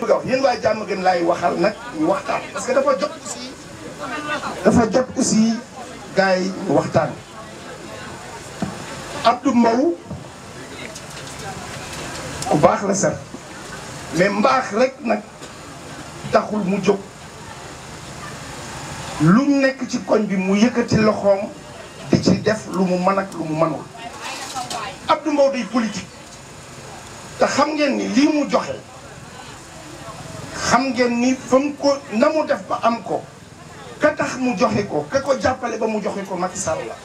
leen di waa jàmm gën laay waxal nag ñu waxtaan parce que dafa jot aussi dafa jot aussi gars yi ñu waxtaan Abdou Mbow ku baax la set mais mbaax rek nag taxul mu jóg lu nekk ci koñ bi mu yëkkati loxoom di ci def lu mu mën ak lu mu mënul Abdou Mbow duy politique te xam ngeen ni lii mu joxe xam ngeen ni fa mu ko na mu def ba am ko ka tax mu joxe ko ka ko jàppale ba mu joxe ko Macky Sall la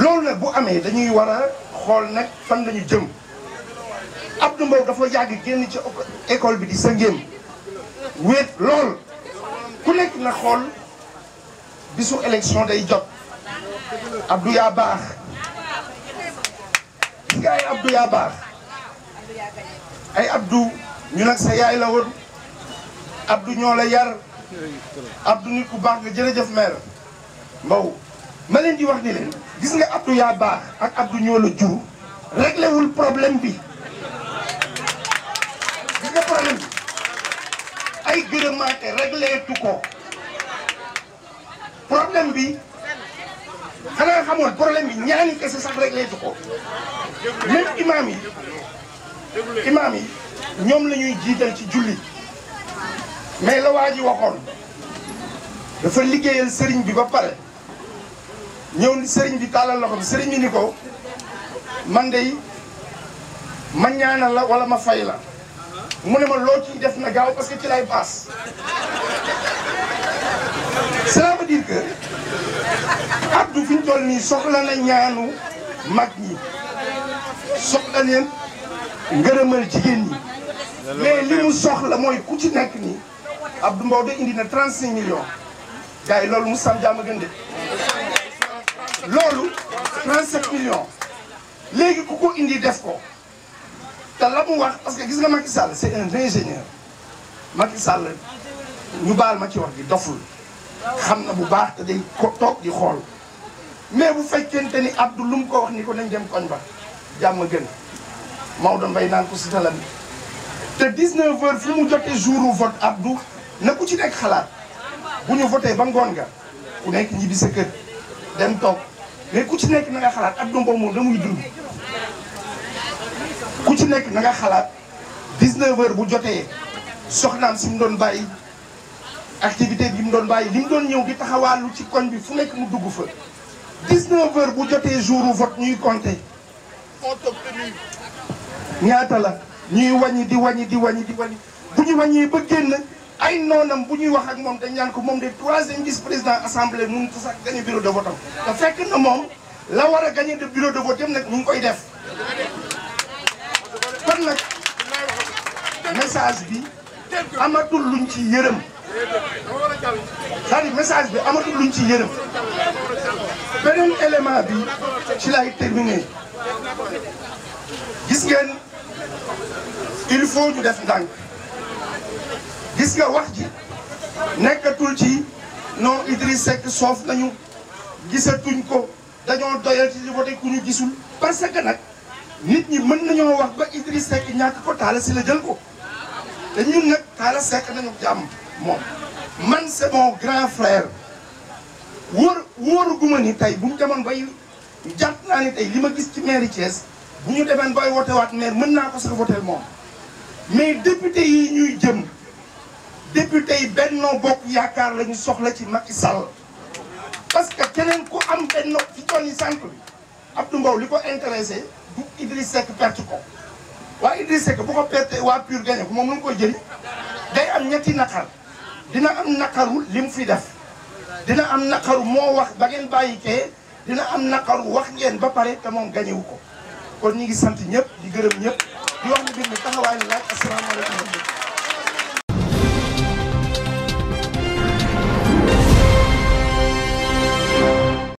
loolu nag bu amee dañuy war a xool nag fan lañu jëm Abdou Mbow dafa yàgg génn ci école bi di sa ngéem wéet lool ku nekk na xool bisu élection day jot Abdou yaa baax gis nga ay Abdou yaa baax ay Abdou ñu nag sa yaay la woon Abdou ñoo la yar Abdou nit ku baax nga jërëjëf maire Mbow ma leen di wax ni leen gis nga Abdou yaa baax ak Abdou ñoo la jur réglé problème bi gis nga problème bi ay gërëmaate réglé tu ko problème bi xanaa xamoon problème bi ñaani kese sax réglé ko même imaam yi imaam yi ñom lañuy jital ci julli mais la waji waxon dafa liggéeyal sëriñ bi ba paré ñew ni sëriñ bi talal loxom bi sëriñ ni ko man day ma ñaanal la wala ma fay la mu ne ma lo ci def na gaaw parce que ci lay pass cela veut dire que Abdou fi ñu toll nii soxla na ñaanu mag ñi soxla neen ngërëmal jigéen ñi mais li mu soxla mooy ku ci nekk nii ab Abdou mbaw de indi na 35 millions gars yi loolu mu sam jaama gën de loolu 37 million léegi ku ko indi def ko te la mu wax parce que gis nga Macky Sall c'est un ingénieur Macky Sall ñu baal ma ci wax gi doful xam na bu baax te day toog di xool mais bu fekkente ni Abdou lu mu ko wax ni ko nañ dem koñ ba jàmm gën Maodo Mbaye naan ko si talam te 19 heures fu mu jotee jouru vote Abdou na ku ci nekk xalaat bu ñu voté ba ngoon nga ku nekk ñibbi sa kër dem toog mais ku ci nekk na xalaat Abdou Mbow moom la muy dund ku ci nekk na nga xalaat 19 heures bu jotee soxnaam si mu doon bàyyi activité bi mu doon bàyyi li mu doon ñëw di taxawaalu ci koñ bi fu nekk mu dugg fa 19 heures bu jotee jouru vote ñuy compté ñaata la ñuy wàññi di wàññi di wàññi di wàññi bu ñu wàññee ba génn ay noonam bu ñuy wax ak moom dañ naan ko moom de troisième vice président assemblée mënut sax gagné bureau de vote am te fekk na moom la war a gagné de bureau de vote yëpp nag ñu ngi koy def kon nag message bi amatul luñ ci yërëm cest à message bi amatul luñ ci yërëm beneen élément bi ci lay terminer gis ngeen il faut ñu def ndànk gis nga wax ji nekkatul ci non Idriss Seck soof nañu gisatuñ ko dañoo doyal ci voté ku ñu gisul parce que nag nit ñi mën nañoo wax ba Idriss Seck ñàkk ko Talla Sylla jël ko te ñun nag Talla Seck nañu jàmm moom man c'est mon grand frère wóor wóoruguma ni tey bu ñu demoon bay jàpp naa ni tey li ma gis ci mairie Thiès bu ñu demeen bay wotewaat maire mën naa ko sax voté moom mais député yi ñuy jëm député yi Benno Bokk Yaakaar la ñu soxla ci Macky Sall parce que keneen ko am benn fi toll nii sànq bi Abdou Mbow liko intéressé bu Idriss Seck perte ko waa Idriss Seck bu ko perte wa PUR gagner ko moom nu ko koy day am ñetti nakar dina am naqaru lim fi def dina am naqaru mo wax ba ngeen bàyyi kee dina am naqaru wax ngeen ba paré té mom gagner wu ko kon ñi ngi sant ñëpp di gërëm ñëpp. di wax ne bind taxawaay la laaj asalaamaaleykum